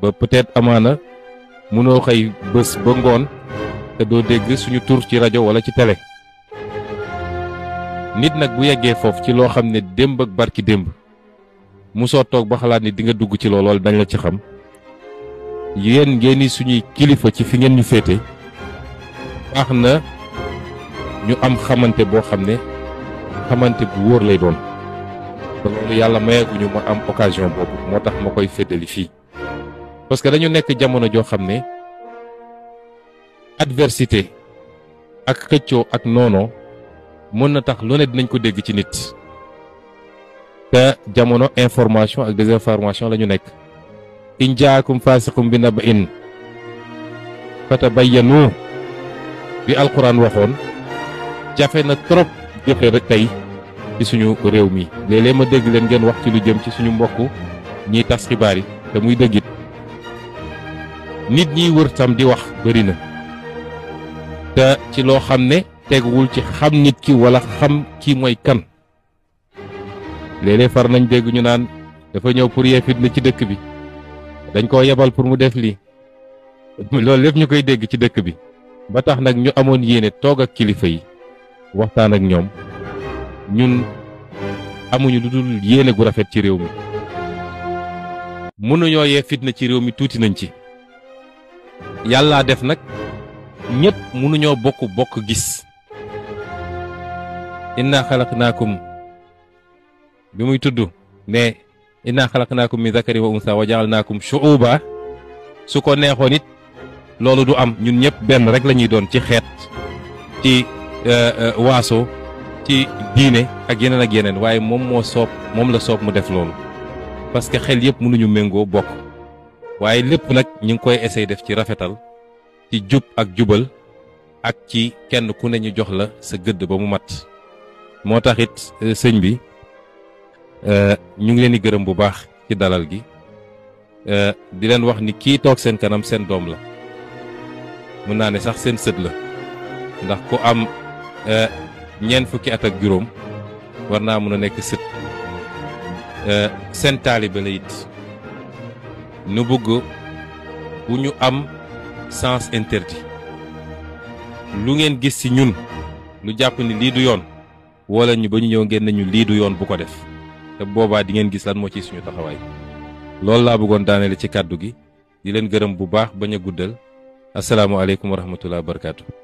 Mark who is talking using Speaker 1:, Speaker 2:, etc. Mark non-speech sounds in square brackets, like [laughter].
Speaker 1: ba peut-être amana mënoo xey bés ba ngoon te do dégg suñu tour ci radio wala ci télé nit nak bu yeggé foofu ci lo xamné demb ak barki demb. Muso tok ba xalaat ni di nga dugg ci loolu dañ la ci xam yeen ngeeni suñu kilifa ci fi ngeen ñu fété baxna ñu am xamanté bo xamné xamanté bu wor lay doon yalla ñu ma am occasion bobu, motax makoy ma parce que dañu nekk jamono joo xam ne adversité ak xëccoo ak noonoo mën na tax lu ne dinañ ko dégg ci nit te jamono information ak désinformation la ñu nekk in jaakum faasiqum bi naba in fatabayyanu bi alquran waxoon jafe na trop jëfe rek tey ci suñu réew mi léeg-léeg ma dégg leen ngeen wax ci lu jëm ci suñu mbokk ñiy tas xibaar yi te muy dëggit nit ñi wër tam di wax bari na te ci lo xamne teggul ci xam nit ki wala xam ki moy kan lélé far nañ dégg ñu naan dafa ñew pour yee fitna ci dëkk bi dañ ko yabal pour mu def li [laughs] lool lepp ñu dégg ci dëkk bi ba tax nak ñu amone yéene ak kilifa yi waxtaan ak ñom ñun amuñu dudul gu rafet ci réew mi ñoyé fitna ci réew mi tuti nañ ci yàllaa def nag ñépp mënuñoo bokk bokk gis inna xalaqnaakum bi muy tudd ne inna xalaqnaakum min zakari wa unsa wa jaalnaakum shuuba su ko neexoon it loolu du am ñun ñëpp benn rek lañuy doon ci xeet ci euh, euh, waaso ci diine ak yeneen ak yeneen waaye moom moo soob moom la soob mu def loolu parce que xel yëpp mënuñu méngoo bokk waye lepp nak ñu ngi koy essayer def ci rafetal ci jup ak jubal ak ci kenn ku neñu jox la sa gëdd ba mu mat moo tax it euh, sëñ bi euh, ñu ngi leni gëreem bu baax ci dalal gi euh, di len wax ni ki tok sen kanam sen dom la mën naa ne sax sen seut la ndax ku am ñen fukki at ak juroom warna naa la it nu bëgg bu ñu am sens interdit lu ngeen gis ci ñun lu jàpp ni lii du yoon wala ñu ba ñu ñëw ngeen nañu lii du yoon bu ko def te boobaa di ngeen gis lan moo ci suñu taxawaay loolu laa bëggoon daaneele ci kàddu gi di leen gërëm bu baax bañ a guddal asalaamualeykum wa rahmatulah barakaatu.